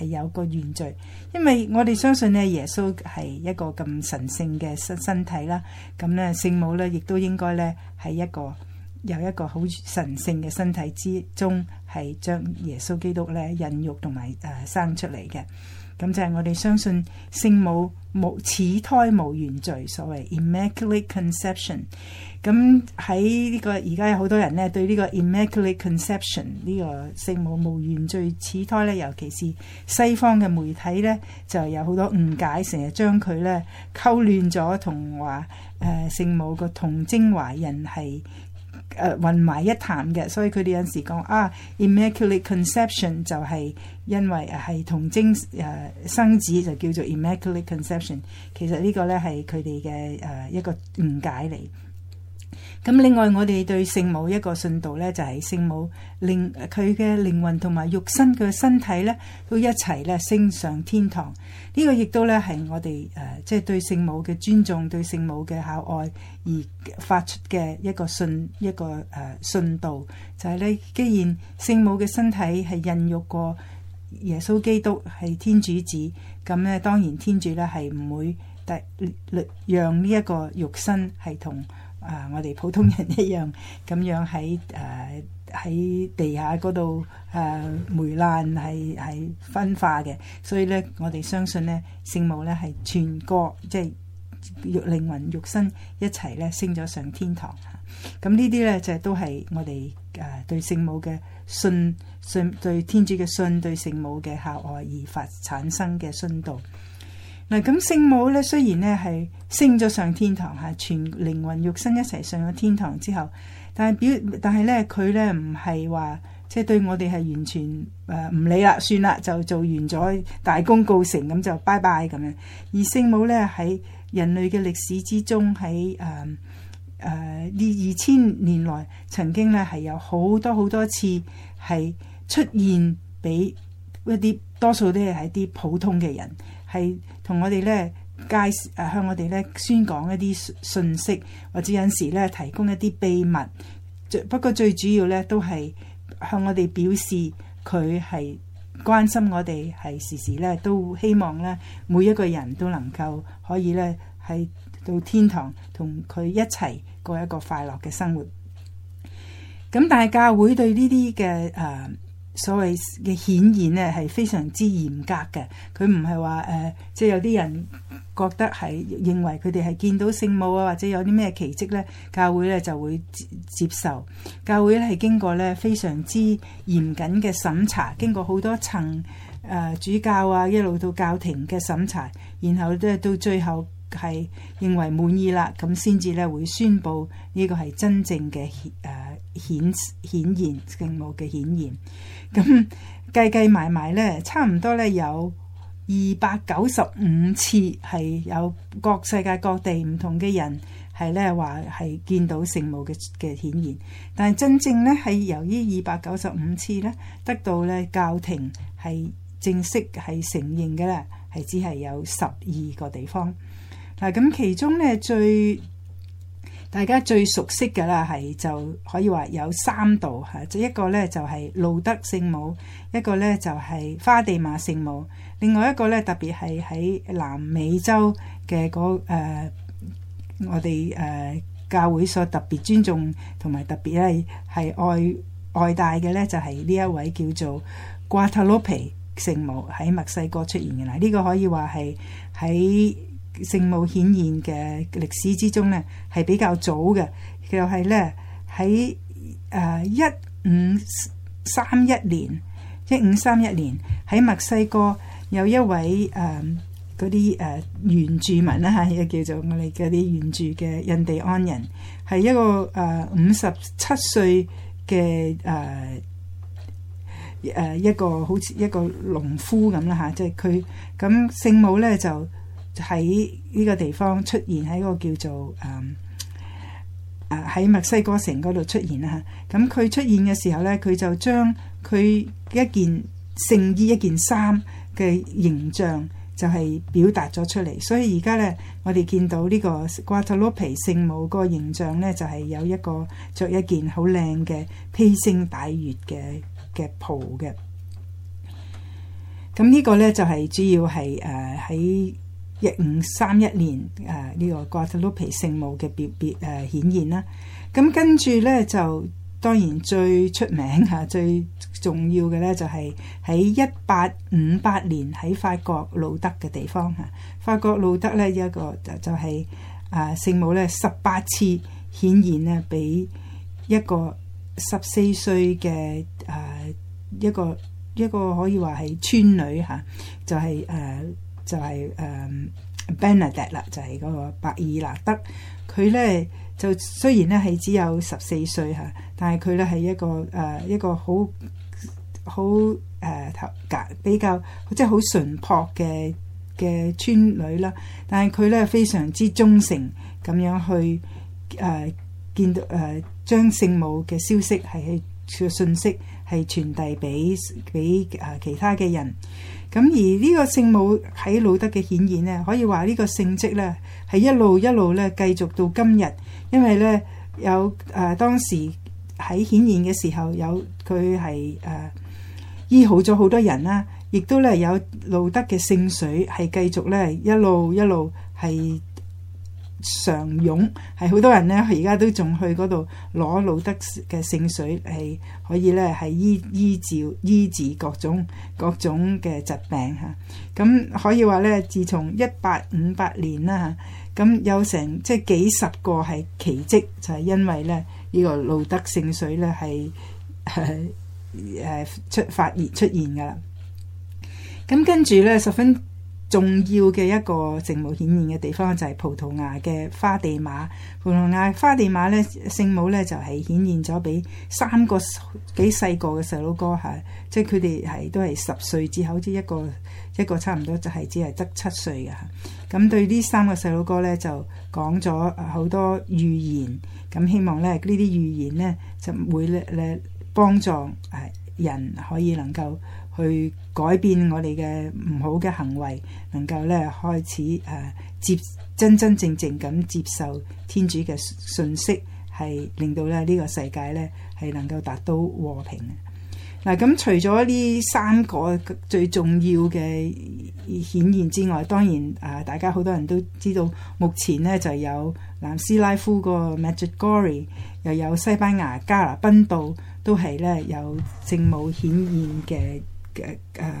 係有個原罪，因為我哋相信咧耶穌係一個咁神聖嘅身身體啦，咁咧聖母咧亦都應該咧係一個。有一個好神聖嘅身體之中，係將耶穌基督咧孕育同埋誒生出嚟嘅。咁就係我哋相信聖母無始胎無原罪，所謂 Immaculate Conception。咁喺呢個而家有好多人咧對呢個 Immaculate Conception 呢個聖母無原罪始胎咧，尤其是西方嘅媒體咧就有好多誤解，成日將佢咧溝亂咗，呃、聖同話誒聖母個童貞懷孕係。誒、啊、混埋一談嘅，所以佢哋有陣時講啊，Immaculate Conception 就係因為係童貞誒生子就叫做 Immaculate Conception，其實呢個咧係佢哋嘅誒一個誤解嚟。咁另外我哋對聖母一個信道咧，就係聖母靈佢嘅靈魂同埋肉身嘅身體咧，都一齊咧升上天堂。呢個亦都咧係我哋誒即係對聖母嘅尊重、對聖母嘅孝愛而發出嘅一個信一個誒信道，就係咧，既然聖母嘅身體係孕育過耶穌基督係天主子，咁咧當然天主咧係唔會第讓呢一個肉身係同。啊！我哋普通人一樣咁樣喺誒喺地下嗰度誒煤爛係係分化嘅，所以咧我哋相信咧聖母咧係全個即係肉靈魂肉身一齊咧升咗上天堂嚇。咁、啊、呢啲咧就係、都係我哋誒、啊、對聖母嘅信信對天主嘅信、對聖母嘅孝愛而發產生嘅信道。咁聖母咧，雖然咧係升咗上天堂，嚇全靈魂肉身一齊上咗天堂之後，但係表但係咧，佢咧唔係話即係對我哋係完全誒唔、呃、理啦，算啦，就做完咗大功告成咁就拜拜咁樣。而聖母咧喺人類嘅歷史之中，喺誒誒呢二千年來曾經咧係有好多好多次係出現俾一啲多數都係一啲普通嘅人。係同我哋咧介，誒向我哋咧宣講一啲信息，或者有時咧提供一啲秘密。不過最主要咧都係向我哋表示佢係關心我哋，係時時咧都希望咧每一個人都能夠可以咧係到天堂同佢一齊過一個快樂嘅生活。咁大家會對呢啲嘅誒。呃所謂嘅顯現呢，係非常之嚴格嘅。佢唔係話誒，即、呃、係、就是、有啲人覺得係認為佢哋係見到聖母啊，或者有啲咩奇蹟呢，教會呢就會接受。教會呢係經過呢非常之嚴謹嘅審查，經過好多層誒、呃、主教啊，一路到教廷嘅審查，然後呢到最後係認為滿意啦，咁先至呢會宣布呢個係真正嘅誒。呃顯顯現聖母嘅顯現，咁計計埋埋咧，差唔多咧有二百九十五次係有各世界各地唔同嘅人係咧話係見到聖母嘅嘅顯現，但係真正咧係由於二百九十五次咧得到咧教廷係正式係承認嘅啦，係只係有十二個地方。嗱，咁其中咧最。大家最熟悉嘅啦，係就可以話有三度。嚇，即一個咧就係路德聖母，一個咧就係花地瑪聖母，另外一個咧特別係喺南美洲嘅嗰、呃、我哋誒、呃、教會所特別尊重同埋特別係係愛愛戴嘅咧，就係呢一位叫做瓜塔洛皮聖母喺墨西哥出現嘅啦。呢、這個可以話係喺。聖母顯現嘅歷史之中咧，係比較早嘅。就係咧喺誒一五三一年，一五三一年喺墨西哥有一位誒嗰啲誒原住民啦嚇，又、啊、叫做我哋嗰啲原住嘅印第安人，係一個誒五十七歲嘅誒誒一個好似一個農夫咁啦吓，即係佢咁聖母咧就。喺呢個地方出現，喺個叫做誒誒喺墨西哥城嗰度出現啦。咁佢出現嘅時候咧，佢就將佢一件聖衣、一件衫嘅形象就係表達咗出嚟。所以而家咧，我哋見到呢個瓜特洛皮聖母個形象咧，就係、是、有一個着一件好靚嘅披星戴月嘅嘅袍嘅。咁呢個咧就係、是、主要係誒喺。啊一五三一年，誒、啊、呢、這個瓜特魯皮聖母嘅別別誒顯現啦。咁跟住呢，就當然最出名嚇、啊、最重要嘅呢，就係喺一八五八年喺法國魯德嘅地方嚇、啊。法國魯德呢，一個就就係誒聖母呢，十八次顯現呢俾一個十四歲嘅誒、啊、一個一個可以話係村女嚇、啊，就係、是、誒。啊就係 Benadette 啦，就係嗰個白爾納德。佢咧就雖然咧係只有十四歲嚇，但係佢咧係一個誒、呃、一個好好誒頭夾比較即係好純樸嘅嘅村女啦。但係佢咧非常之忠誠咁樣去誒、呃、見到誒將、呃、聖母嘅消息係去傳訊息。係傳遞俾俾誒其他嘅人，咁而呢個聖母喺露德嘅顯現呢，可以話呢個聖蹟呢係一路一路咧繼續到今日，因為呢，有誒、啊、當時喺顯現嘅時候有佢係誒醫好咗好多人啦，亦都呢有露德嘅聖水係繼續呢一路一路係。常勇係好多人呢，佢而家都仲去嗰度攞露德嘅聖水，係可以呢，係醫醫治醫治各種各種嘅疾病嚇，咁可以話呢，自從一八五八年啦嚇，咁有成即係幾十個係奇蹟，就係、是、因為呢，呢、這個露德聖水呢，係誒出發而出現噶啦，咁跟住呢，十分，重要嘅一個聖母顯現嘅地方就係葡萄牙嘅花地馬。葡萄牙花地馬咧，聖母咧就係、是、顯現咗俾三個幾細個嘅細佬哥嚇，即係佢哋係都係十歲之後即一個一個差唔多就係、是、只係得七歲嘅嚇。咁、啊、對呢三個細佬哥咧就講咗好多預言，咁希望咧呢啲預言咧就會咧幫助誒人可以能夠。去改變我哋嘅唔好嘅行為，能夠咧開始誒接、啊、真真正正咁接受天主嘅信息，係令到咧呢、呢個世界咧係能夠達到和平。嗱、啊，咁除咗呢三個最重要嘅顯現之外，當然啊，大家好多人都知道，目前呢就有南斯拉夫個 Medjugorje 又有西班牙加勒賓島，都係咧有聖母顯現嘅。嘅誒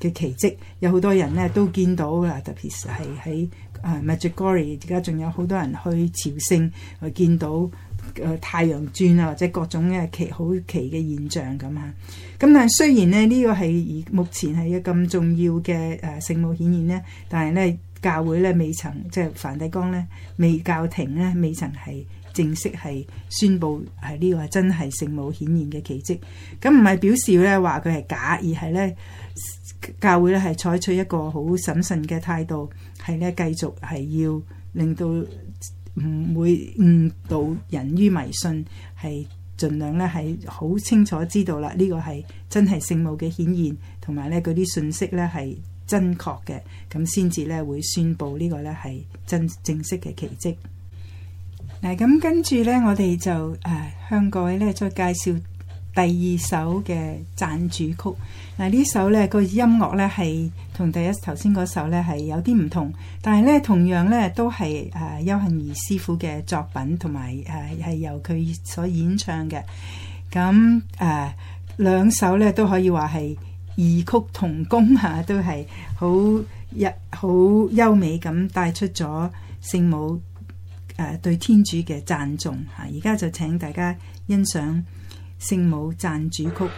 嘅奇蹟，有好多人咧都見到嘅，特別是係喺誒 Medjugorje 而家仲有好多人去朝聖，見到誒太陽轉啊，或者各種嘅奇好奇嘅現象咁嚇。咁但係雖然咧呢、這個係目前係一咁重要嘅誒聖母顯現咧，但係咧教會咧未曾即係、就是、梵蒂岡咧未教廷咧未曾係。正式係宣布係呢個係真係聖母顯現嘅奇蹟，咁唔係表示咧話佢係假，而係咧教會咧係採取一個好審慎嘅態度，係咧繼續係要令到唔會誤導人於迷信，係盡量咧係好清楚知道啦，呢個係真係聖母嘅顯現，同埋咧嗰啲信息咧係真確嘅，咁先至咧會宣布呢個咧係真正式嘅奇蹟。嗱，咁跟住呢，我哋就誒、啊、向各位咧再介紹第二首嘅讚主曲。嗱、啊，呢首呢、呢個音樂呢，係同第一頭先嗰首呢係有啲唔同，但係呢，同樣呢都係誒、啊、邱幸儀師傅嘅作品，同埋誒係由佢所演唱嘅。咁誒兩首呢，都可以話係異曲同工嚇、啊，都係好好優美咁帶出咗聖母。誒對天主嘅讚頌嚇，而家就請大家欣賞聖母讚主曲。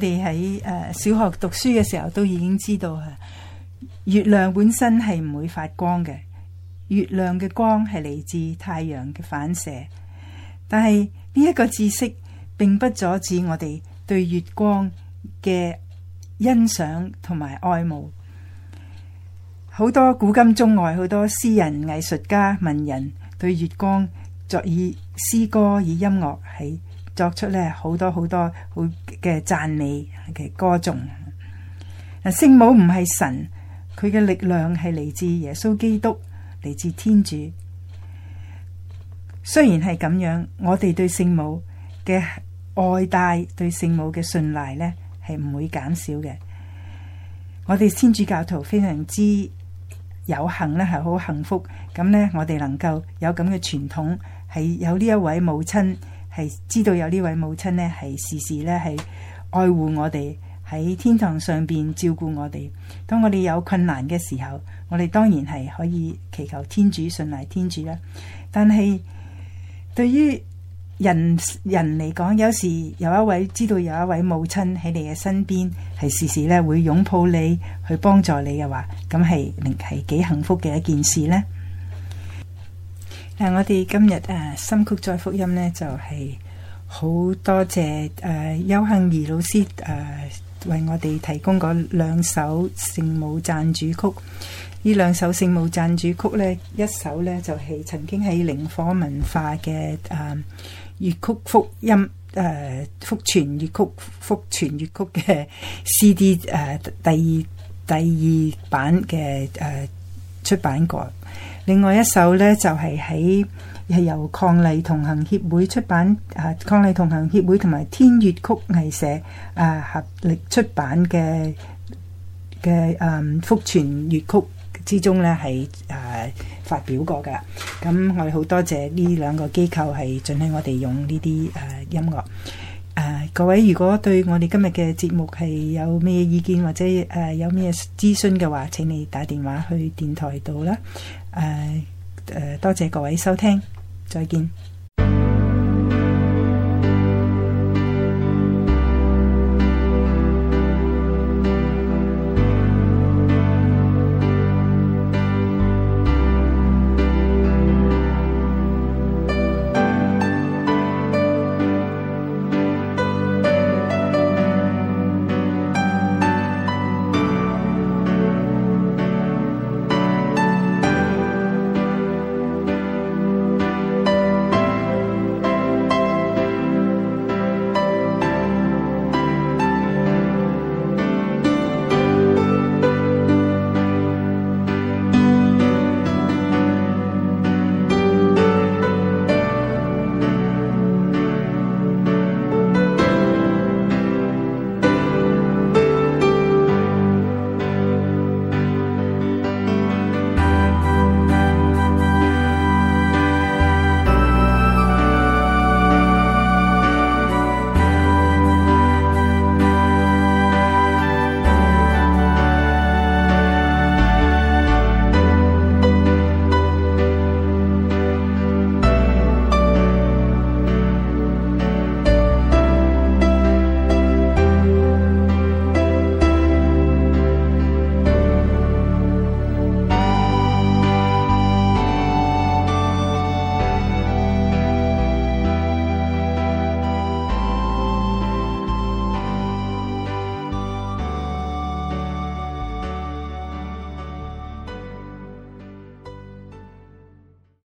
我哋喺誒小學讀書嘅時候都已經知道啊，月亮本身係唔會發光嘅，月亮嘅光係嚟自太陽嘅反射。但係呢一個知識，並不阻止我哋對月光嘅欣賞同埋愛慕。好多古今中外，好多詩人、藝術家、文人，對月光作以詩歌以音樂喺。作出呢好多好多好嘅讚美嘅歌頌。聖母唔係神，佢嘅力量係嚟自耶穌基督，嚟自天主。雖然係咁樣，我哋對聖母嘅愛戴、對聖母嘅信賴呢，係唔會減少嘅。我哋天主教徒非常之有幸呢，係好幸福。咁呢，我哋能夠有咁嘅傳統，係有呢一位母親。係知道有呢位母親呢，係時時咧係愛護我哋，喺天堂上邊照顧我哋。當我哋有困難嘅時候，我哋當然係可以祈求天主，信賴天主啦。但係對於人人嚟講，有時有一位，知道有一位母親喺你嘅身邊，係時時咧會擁抱你、去幫助你嘅話，咁係係幾幸福嘅一件事呢。誒、啊，我哋今日誒、啊，新曲再福音呢，就係、是、好多謝誒邱杏儀老師誒、啊，為我哋提供兩首聖母讚主曲。呢兩首聖母讚主曲呢，一首呢就係、是、曾經喺靈火文化嘅誒、啊、粵曲福音誒福、啊、傳粵曲福傳粵曲嘅 C D 誒、啊、第二第二版嘅誒、啊、出版過。另外一首呢，就係喺係由抗禮同行協會出版啊，抗禮同行協會同埋天粵曲藝社啊合力出版嘅嘅嗯復傳粵曲之中呢，係誒發表過㗎。咁我哋好多謝呢兩個機構係準許我哋用呢啲誒音樂。啊、各位如果對我哋今日嘅節目係有咩意見或者誒、啊、有咩諮詢嘅話，請你打電話去電台度啦。誒、啊、誒，多謝各位收聽，再見。